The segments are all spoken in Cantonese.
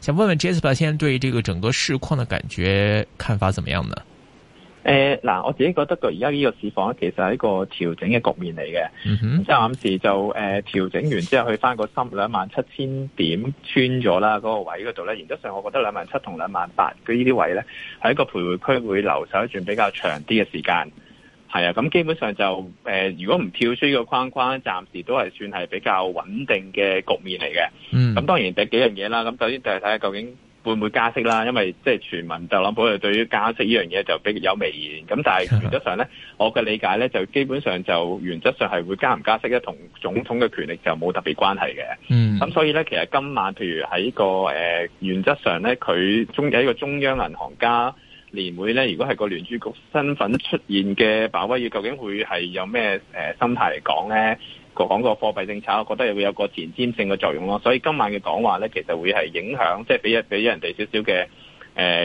想問問 Jasper，現在對這個整個市況的感覺看法怎麼樣呢？誒，嗱，我自己覺得個而家呢個市況咧，其實係一個調整嘅局面嚟嘅，即係暫時就誒調、呃、整完之後去翻個三兩萬七千點穿咗啦，個位嗰度咧，原則上我覺得兩萬七同兩萬八嘅呢啲位咧，係一個徘徊區會留守一段比較長啲嘅時間。係啊，咁基本上就誒、呃，如果唔跳出呢個框框，暫時都係算係比較穩定嘅局面嚟嘅。嗯，咁當然第幾樣嘢啦，咁首先就係睇下究竟會唔會加息啦，因為即係全民特朗普就對於加息呢樣嘢就比較有微言。咁但係原則上咧，我嘅理解咧就基本上就原則上係會加唔加息咧，同總統嘅權力就冇特別關係嘅。嗯，咁所以咧，其實今晚譬如喺、這個誒、呃、原則上咧，佢中有一個中央銀行家年會咧，如果係個聯儲局身份出現嘅鮑威爾，究竟會係有咩、呃、心態嚟講咧？講個貨幣政策，我覺得會有個前瞻性嘅作用咯。所以今晚嘅講話咧，其實會係影響，即係俾一俾人哋少少嘅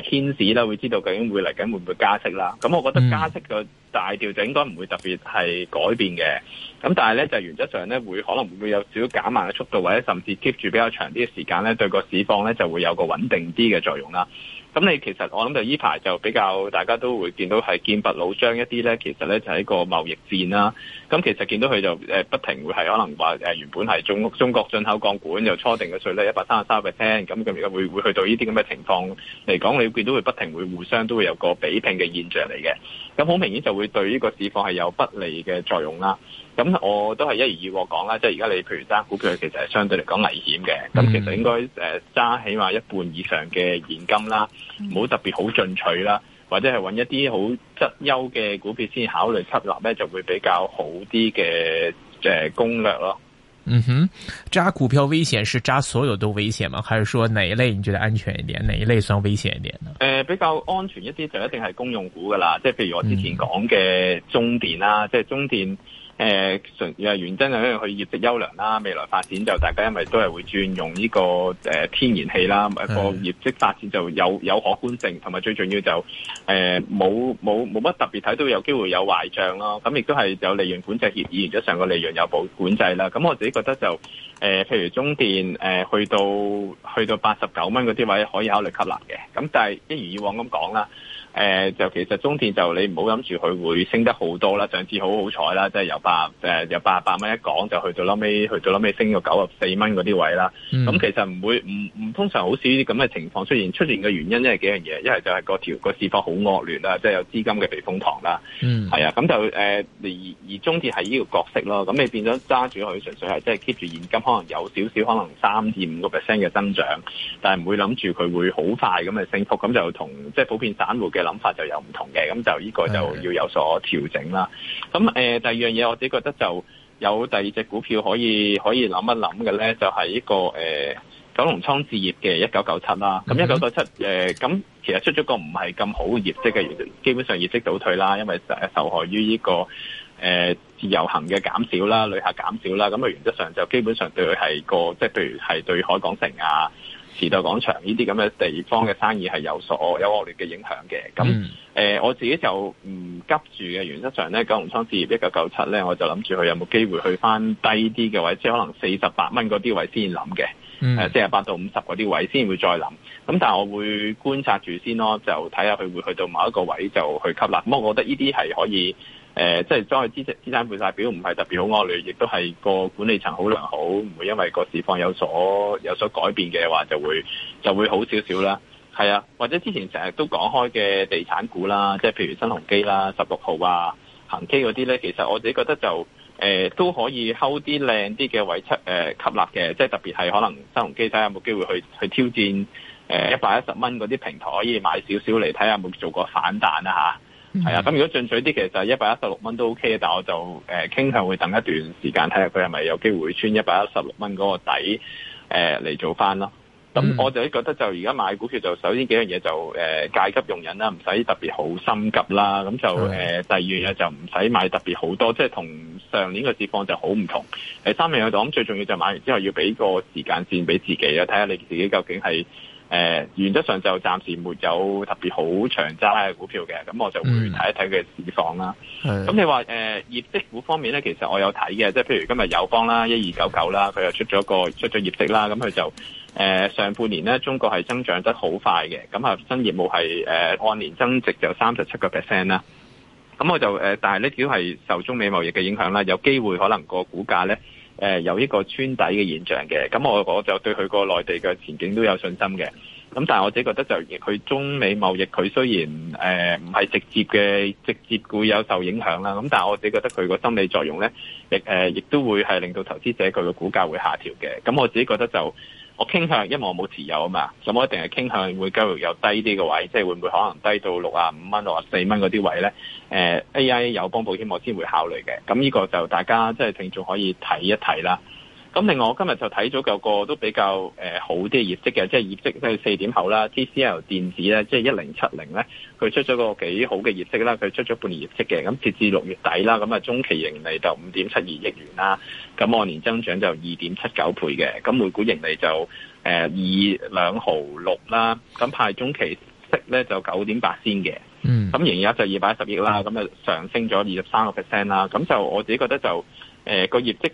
牽使啦，會知道究竟會嚟緊會唔會加息啦。咁我覺得加息嘅大調就應該唔會特別係改變嘅。咁但係咧，就原則上咧，會可能會有少少減慢嘅速度，或者甚至 keep 住比較長啲嘅時間咧，對個市況咧就會有個穩定啲嘅作用啦。咁你其實我諗就呢排就比較大家都會見到係見白老張一啲咧，其實咧就係一個貿易戰啦。咁其實見到佢就誒不停會係可能話誒原本係中中國進口鋼管又初定嘅稅咧一百三十三 percent，咁咁而家會會去到呢啲咁嘅情況嚟講，你見到佢不停會互相都會有個比拼嘅現象嚟嘅。咁好明顯就會對呢個市況係有不利嘅作用啦。咁我都係一如以往講啦，即係而家你譬如揸股票其實相對，嗯，其實係相對嚟講危險嘅。咁其實應該誒揸起碼一半以上嘅現金啦，唔好特別好進取啦，或者係揾一啲好質優嘅股票先考慮吸納咧，就會比較好啲嘅誒攻略咯。嗯哼，揸股票危險是揸所有都危險嗎？還是說哪一類你覺得安全一點？哪一類算危險一點呢？誒、呃，比較安全一啲就一定係公用股噶啦，即係譬如我之前講嘅中電啦，即係中電。嗯誒、呃、純原真係因為佢業績優良啦，未來發展就大家因為都係會轉用呢、這個誒、呃、天然氣啦，一個業績發展就有有可觀性，同埋最重要就誒冇冇冇乜特別睇到有機會有壞賬咯。咁亦都係有利潤管制協議，而家成個利潤有保管制啦。咁我自己覺得就誒、呃，譬如中電誒、呃、去到去到八十九蚊嗰啲位可以考慮吸納嘅。咁但係一如以往咁講啦。誒、呃、就其實中電就你唔好諗住佢會升得好多啦，上次好好彩啦，即、就、係、是、由百誒由八十八蚊一港就去到撚尾去到撚尾升到九十四蚊嗰啲位啦。咁、嗯嗯、其實唔會唔唔通常好少啲咁嘅情況出現，出現嘅原因原因係幾樣嘢，一係就係個條個市況好惡劣啦，即、就、係、是、有資金嘅避風塘啦。嗯，係啊，咁就誒而、呃、而中電係呢個角色咯，咁你變咗揸住佢純粹係即係 keep 住現金，可能有少少可能三至五個 percent 嘅增長，但係唔會諗住佢會好快咁嘅升幅，咁就同即係普遍散戶嘅。諗法就有唔同嘅，咁就呢個就要有所調整啦。咁誒、呃，第二樣嘢，我自己覺得就有第二隻股票可以可以諗一諗嘅呢，就係、是、呢、這個誒、呃、九龍倉置業嘅一九九七啦。咁一九九七誒，咁其實出咗個唔係咁好嘅業績嘅，基本上業績倒退啦，因為受受害於依、這個誒、呃、自由行嘅減少啦，旅客減少啦，咁啊，原則上就基本上對佢係個即係譬如係對，對海港城啊。時代廣場呢啲咁嘅地方嘅生意係有所有惡劣嘅影響嘅，咁誒、嗯呃、我自己就唔急住嘅。原則上咧，九龍倉置業一九九七咧，我就諗住佢有冇機會去翻低啲嘅位，即、就、係、是、可能四十八蚊嗰啲位先諗嘅，誒，四十八到五十嗰啲位先會再諗。咁但係我會觀察住先咯，就睇下佢會去到某一個位就去吸啦。咁我覺得呢啲係可以。誒、呃，即係作為資產，資產負債表唔係特別好惡劣，亦都係個管理層好良好，唔會因為個市況有所，有所改變嘅話就，就會，就會好少少啦。係啊，或者之前成日都講開嘅地產股啦，即係譬如新鴻基啦、十六號啊、恒基嗰啲呢，其實我自己覺得就、呃、都可以睺啲靚啲嘅位出吸納嘅，即係特別係可能新鴻基睇下有冇機會去，去挑戰誒一百一十蚊嗰啲平台，可以買少少嚟睇下有冇做過反彈啊。係、嗯、啊，咁如果進取啲，其實一百一十六蚊都 OK 嘅，但我就、呃、傾向會等一段時間，睇下佢係咪有機會穿一百一十六蚊嗰個底嚟、呃、做翻咯。咁、嗯、我就覺得就而家買股票就首先幾樣嘢就誒、呃、戒急用人啦，唔使特別好心急啦。咁就、呃、第二樣嘢就唔使買特別好多，即係同上年個市況就好唔同。第三樣嘢就咁最重要就買完之後要俾個時間線俾自己啊，睇下你自己究竟係。誒、呃、原則上就暫時沒有特別好長揸嘅股票嘅，咁我就會睇一睇佢嘅市況啦。咁、嗯、你話誒、呃、業績股方面呢，其實我有睇嘅，即係譬如今日友邦啦，一二九九啦，佢又出咗個出咗業績啦。咁佢就誒、呃、上半年呢，中國係增長得好快嘅，咁合新業務係誒、呃、按年增值就三十七個 percent 啦。咁我就誒、呃，但係呢啲都係受中美貿易嘅影響啦，有機會可能個股價呢。誒、呃、有依個穿底嘅現象嘅，咁我我就對佢個內地嘅前景都有信心嘅。咁但係我自己覺得就，佢中美貿易佢雖然誒唔係直接嘅，直接會有受影響啦。咁但係我自己覺得佢個心理作用呢，亦誒亦都會係令到投資者佢個股價會下調嘅。咁我自己覺得就。我傾向，因為我冇持有啊嘛，咁我一定係傾向會繼續有低啲嘅位，即係會唔會可能低到六啊五蚊、六啊四蚊嗰啲位咧？AI 有幫保險，我先會考慮嘅。咁呢個就大家即係聽眾可以睇一睇啦。咁另外我今日就睇咗個個都比較誒、呃、好啲嘅業績嘅，即係業績喺四點後啦，TCL 電子咧，即係一零七零咧，佢出咗個幾好嘅業績啦，佢出咗半年業績嘅，咁截至六月底啦，咁啊中期盈利就五點七二億元啦，咁按年增長就二點七九倍嘅，咁每股盈利就誒二兩毫六啦，咁派中期息咧就九點八仙嘅，咁營業額就二百一十億啦，咁啊上升咗二十三個 percent 啦，咁就我自己覺得就。誒、呃，個業績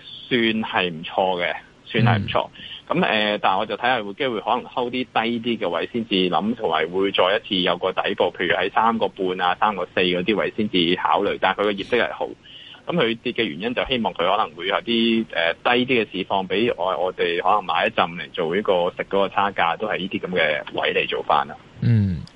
算係唔錯嘅，算係唔錯。咁、嗯、誒，但係、呃、我就睇下會機會可能 hold 啲低啲嘅位先至諗，同埋會再一次有個底部，譬如喺三個半啊、三個四嗰啲位先至考慮。但係佢個業績係好，咁佢跌嘅原因就希望佢可能會有啲誒低啲嘅市況，俾我我哋可能買一陣嚟做呢、這個食嗰個差價，都係呢啲咁嘅位嚟做翻啦。嗯。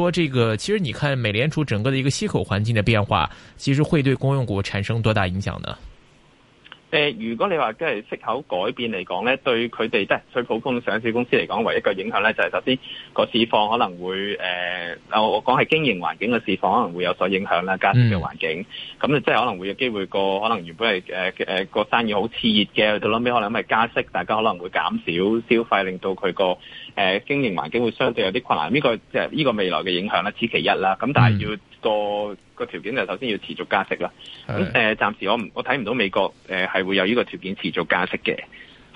說這個，其實你看美聯儲整個的一個息口環境的變化，其實會對公用股產生多大影響呢？誒、呃，如果你話即係息口改變嚟講咧，對佢哋即係最普通上市公司嚟講，唯一、一個影響咧，就係首先個市況可能會誒、呃，我我講係經營環境嘅市況可能會有所影響啦，加息嘅環境，咁、嗯、就即係可能會有機會過，可能原本係、呃呃、個生意好熾熱嘅，到後尾可能因為加息，大家可能會減少消費，令到佢個、呃、經營環境會相對有啲困難。呢、這個即係呢個未來嘅影響咧，此其一啦。咁但係要個，嗯個條件就首先要持續加息啦。咁誒，暫、呃、時我唔我睇唔到美國誒係、呃、會有呢個條件持續加息嘅，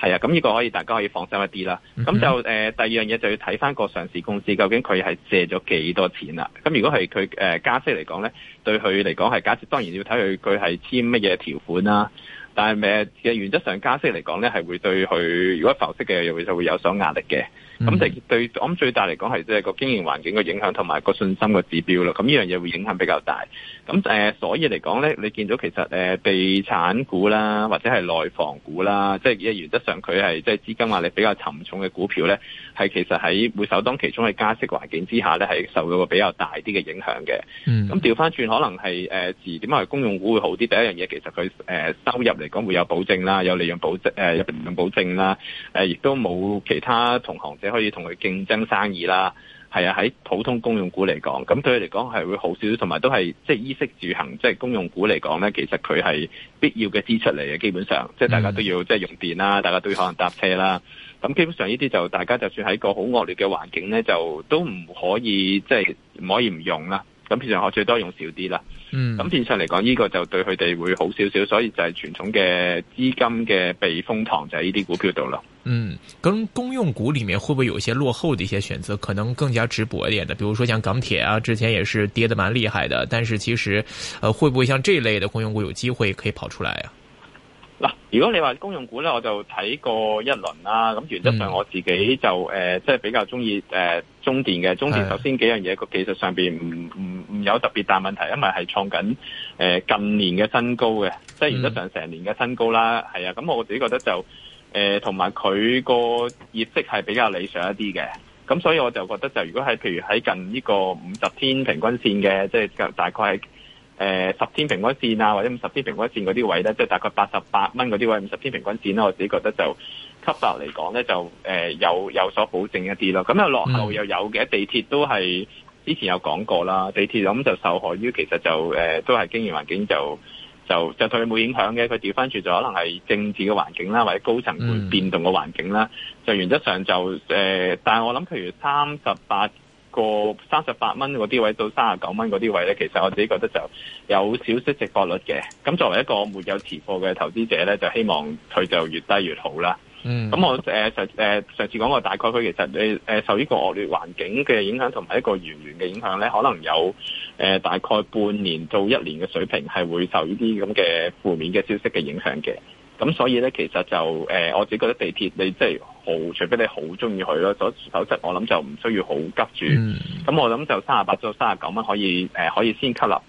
係啊。咁、嗯、呢、呢個可以大家可以放心一啲啦。咁、嗯、就誒、呃、第二樣嘢就要睇翻個上市公司究竟佢係借咗幾多錢啦、啊。咁如果係佢誒加息嚟講咧，對佢嚟講係加息，當然要睇佢佢係簽乜嘢條款啦、啊。但係誒嘅原則上加息嚟講咧，係會對佢如果是浮息嘅又會就會有所壓力嘅。咁、嗯、對對，我諗最大嚟講係即係個經營環境嘅影響同埋個信心嘅指標啦。咁呢樣嘢會影響比較大。咁誒、呃，所以嚟講咧，你見到其實誒地、呃、產股啦，或者係內房股啦，即係原則上佢係即係資金壓力比較沉重嘅股票咧，係其實喺會首當其中首當其衝嘅加息環境之下咧，係受到個比較大啲嘅影響嘅。咁調翻轉可能係誒、呃、自點係公用股會好啲。第一樣嘢其實佢、呃、收入嚟講會有保證啦，有利潤保、呃、保證有利潤保證啦。亦都冇其他同行。你可以同佢競爭生意啦，係啊，喺普通公用股嚟講，咁對佢嚟講係會好少少，同埋都係即係衣食住行，即係公用股嚟講咧，其實佢係必要嘅支出嚟嘅，基本上即係大家都要即係用電啦，大家都要可能搭車啦，咁基本上呢啲就大家就算喺個好惡劣嘅環境咧，就都唔可以即係唔可以唔用啦。咁其實我最多用少啲啦。咁事實嚟講，呢個就對佢哋會好少少，所以就係傳統嘅資金嘅避風塘就係呢啲股票度咯。嗯，咁公用股裡面會唔會有些落後啲一些選擇？可能更加值博一啲嘅，比如說像港鐵啊，之前也是跌得蠻厲害的。但是其實，呃，會唔會像這類的公用股有機會可以跑出來啊？嗱，如果你話公用股咧，我就睇過一輪啦。咁原則上我自己就誒，即、嗯、係、呃就是、比較中意誒中電嘅。中電首先幾樣嘢個技術上邊唔唔有特別大問題，因為係創緊誒、呃、近年嘅新高嘅，即係原則上成年嘅新高啦。係啊，咁我自己覺得就誒同埋佢個業績係比較理想一啲嘅。咁所以我就覺得就如果係譬如喺近呢個五十天平均線嘅，即係大概誒十、呃、天平均線啊，或者五十天平均線嗰啲位咧，即、就、係、是、大概八十八蚊嗰啲位，五十天平均線咧、啊，我自己覺得就吸納嚟講咧，就誒、呃、有有所保證一啲咯。咁啊，落後又有嘅、嗯、地鐵都係。之前有講過啦，地鐵咁就受害於其實就誒、呃、都係經營環境就就就對佢冇影響嘅，佢調翻轉，就可能係政治嘅環境啦，或者高層會變動嘅環境啦、嗯，就原則上就誒、呃，但係我諗譬如三十八個三十八蚊嗰啲位到三十九蚊嗰啲位咧，其實我自己覺得就有少少折價率嘅。咁作為一個沒有持貨嘅投資者咧，就希望佢就越低越好啦。嗯，咁我誒上、呃、上次講過，大概佢其實你、呃、受呢個惡劣環境嘅影響，同埋一個源源嘅影響咧，可能有、呃、大概半年到一年嘅水平係會受呢啲咁嘅負面嘅消息嘅影響嘅。咁所以咧，其實就誒、呃，我自己覺得地鐵你即係好，除非你好中意佢咯。首首先我，嗯、我諗就唔需要好急住。咁我諗就三十八到三十九蚊可以、呃、可以先吸納。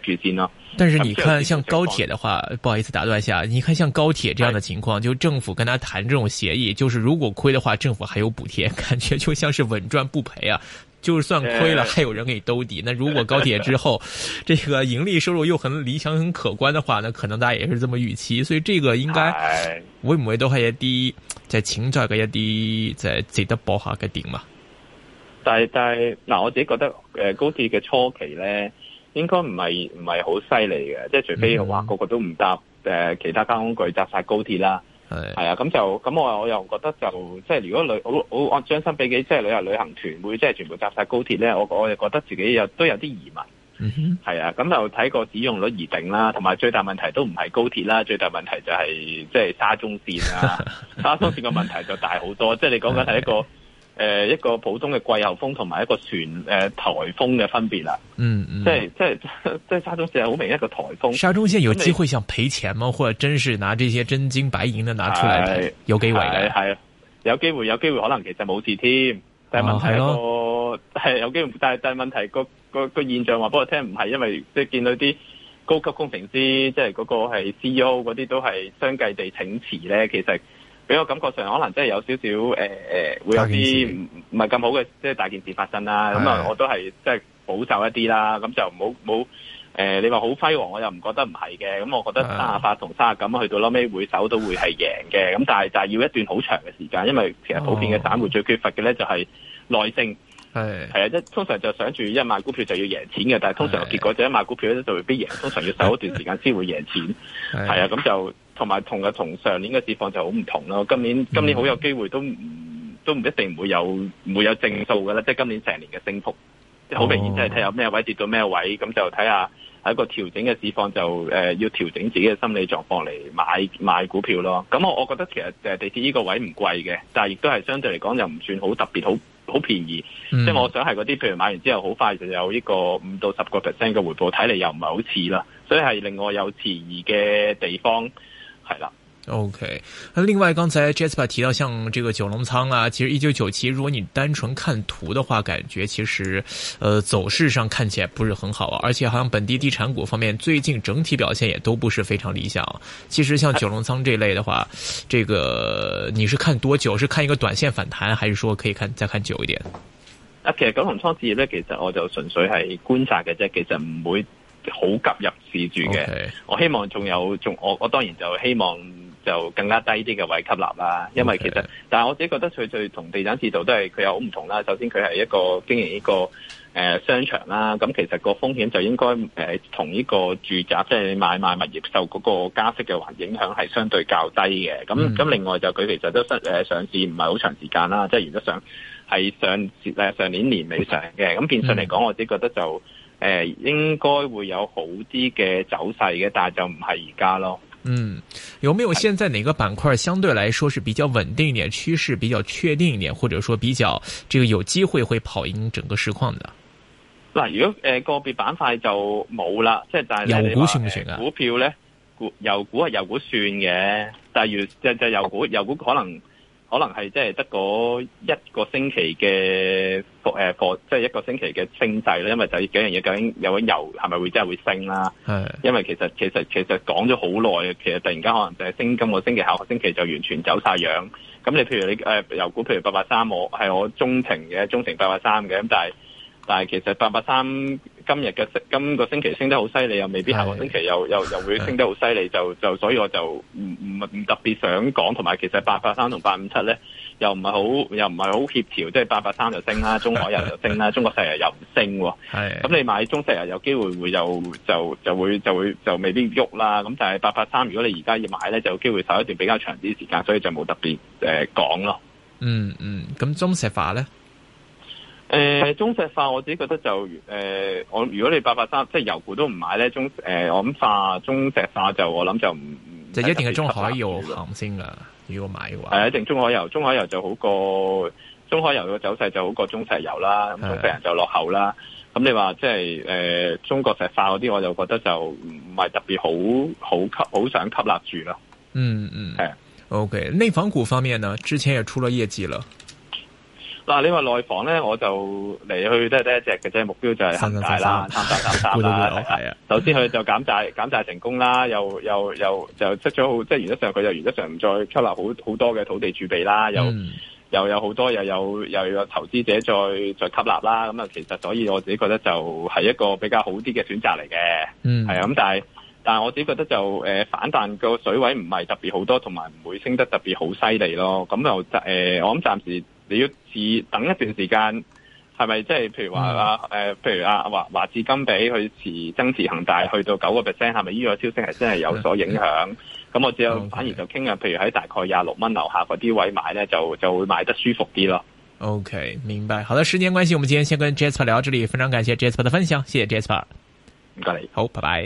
第一先咯。但是你看，像高鐵的話，不好意思打斷一下，你看像高鐵這樣的情況，就政府跟他談這種協議，就是如果虧的話，政府還有補貼，感覺就像是穩賺不賠啊！就算虧了，還有人給你兜底。那如果高鐵之後，這個盈利收入又很理想很可觀的話，那可能大家也是這麼預期。所以這個應該會唔會都係一啲在尋找嗰一啲在值得博下嘅點嘛。但是但嗱，呃，我自己覺得，誒、呃，高鐵嘅初期呢應該唔係唔係好犀利嘅，即係除非話、嗯、個個都唔搭誒、呃、其他交通工具，搭晒高鐵啦。係係啊，咁就咁我我又覺得就即係如果旅好好我將心比己，即係旅遊旅行團會即係全部搭晒高鐵咧，我我又覺得自己有都有啲疑問。嗯，係啊，咁就睇個使用率而定啦。同埋最大問題都唔係高鐵啦，最大問題就係、是、即係沙中線啊， 沙中線個問題就大好多。 即係你講緊係一個。誒、呃，一個普通嘅季候風同埋一個船誒、呃、台風嘅分別啦、嗯。嗯，即係即係即係沙中線好明一個台風。沙中線有機會想賠錢嗎？或者真是拿這些真金白銀嘅拿出嚟的？有機會的，係啊，有機會，有機會可能其實冇事添。但係問題是個係、啊、有機會，但係但係問題，是是問題是個個，個，個，個，個，個現象話俾我聽，唔係因為即係見到啲高級工程師，即係嗰個係 CEO 嗰啲都係相繼地請辭咧，其實。俾我感覺上可能真係有少少誒誒，會有啲唔唔係咁好嘅，即係大件事發生啦。咁啊，我都係即係保守一啲啦。咁就唔好冇誒？你話好輝煌，我又唔覺得唔係嘅。咁我覺得三廿八同三廿咁去到撈尾會守都會係贏嘅。咁但係但係要一段好長嘅時間，因為其實普遍嘅散戶最缺乏嘅咧就係耐性。係係啊，通常就想住一買股票就要贏錢嘅，但係通常結果就一買股票咧就會必贏。通常要守一段時間先會贏錢。係啊，咁就。同埋同嘅同上年嘅市況就好唔同咯，今年今年好有機會都唔都唔一定唔會有唔會有正數嘅啦，即係今年成年嘅升幅，即、哦、好明顯，即係睇有咩位跌到咩位，咁就睇下喺一個調整嘅市況就、呃、要調整自己嘅心理狀況嚟買買股票咯。咁、嗯、我、嗯、我覺得其實地鐵呢個位唔貴嘅，但亦都係相對嚟講又唔算好特別好好便宜，即係我想係嗰啲譬如買完之後好快就有呢個五到十個 percent 嘅回報，睇嚟又唔係好似啦，所以係另外有遲疑嘅地方。OK，那另外剛才 Jasper 提到像這個九龍倉啊，其實一九九七，如果你單純看圖的話，感覺其實，呃，走勢上看起來不是很好啊。而且好像本地地產股方面最近整體表現也都不是非常理想。其實像九龍倉這類的話，這個你是看多久？是看一個短線反彈，還是說可以看再看久一點？啊，其實九龍倉置業呢，其實我就純粹係觀察嘅啫，其實唔會。好急入市住嘅，okay。我希望仲有仲我我當然就希望就更加低啲嘅位吸納啦，okay。因為其實但係我自己覺得佢最同地產市道都係佢有好唔同啦。首先佢係一個經營呢個誒、呃、商場啦，咁其實個風險就應該誒、呃、同呢個住宅，即係、就是、買賣物業受嗰個加息嘅環影響係相對較低嘅。咁、mm. 咁另外就佢其實都上誒、呃、上市唔係好長時間啦，即係如果上係上上年年尾上嘅，咁變相嚟講我只覺得就。誒，應該會有好啲嘅走勢嘅，但係就唔係而家咯。嗯，有冇現在哪個板塊相對來說是比較穩定一點，趨勢比較確定一點，或者說比較這個有機會會跑贏整個市況的？嗱，如果誒個別板塊就冇啦，即係但係有、啊、有，有股算唔算啊？股票咧，股油股係油股算嘅，但係如就就油股，油股可能。可能係即係得嗰一個星期嘅貨，呃，貨，即係一個星期嘅升勢咧，因為就幾樣嘢究竟有啲油係咪會真係會升啦？係因為其實其實其實講咗好耐嘅，其實突然間可能就係升今個星期，下個星期就完全走曬樣。咁你譬如你呃、油股，譬如八八三，我係我鍾情嘅鍾情八八三嘅咁，但係。但係其實八八三今日嘅今個星期升得好犀利，又未必下個星期又又又，又會升得好犀利，就就所以我就唔唔唔特別想講，同埋其實八八三同八五七咧又唔係好又唔係好協調，即係八八三就升啦，中海油就升啦， 中國石油又唔升，咁你買中石油有機會會又就就會就會就未必喐啦。咁但係八八三如果你而家要買咧，就有機會守一段比較長啲時間，所以就冇特別誒講咯嗯。嗯嗯，咁中石化咧？誒、呃，中石化我自己覺得就，誒、呃，我如果你八八三即係油股都唔買咧，中誒、呃，我諗化中石化就我諗就唔就一定係中海油行先噶如果買嘅話係一定中海油，中海油就好過中海油嘅走勢就好過中石油啦，咁中石油就落後啦。咁、嗯、你話即係誒，中國石化嗰啲，我就覺得就唔係特別好好吸，好想吸納住咯。嗯嗯，係，OK，內房股方面呢，之前也出了業績了。但你話內房咧，我就嚟去都係得一隻嘅啫，目標就係限大啦、三三三三,三啦。啊， 首先佢就減債， 減債成功啦，又又又就出咗好，即係原則上佢就原則上唔再出納好好多嘅土地儲備啦，又、嗯、又，又有好多又有又有，又有投資者再再吸納啦。咁啊，其實所以我自己覺得就係一個比較好啲嘅選擇嚟嘅。嗯，係啊，咁但係但係我自己覺得就、呃、反彈個水位唔係特別好多，同埋唔會升得特別好犀利咯。咁就誒、呃，我諗暫時。你要持等一段時間，係咪即係譬如話啊？誒，譬如啊、呃，華華智金比去持增持恒大去到九個 percent，係咪依個消息係真係有所影響？咁我只有、okay. 反而就傾啊，譬如喺大概廿六蚊樓下嗰啲位買咧，就就會買得舒服啲咯。OK，明白。好啦，時間關係，我們今天先跟 Jasper 聊到這裡，非常感謝 Jasper 的分享，謝謝 Jasper。唔該你。好，拜拜。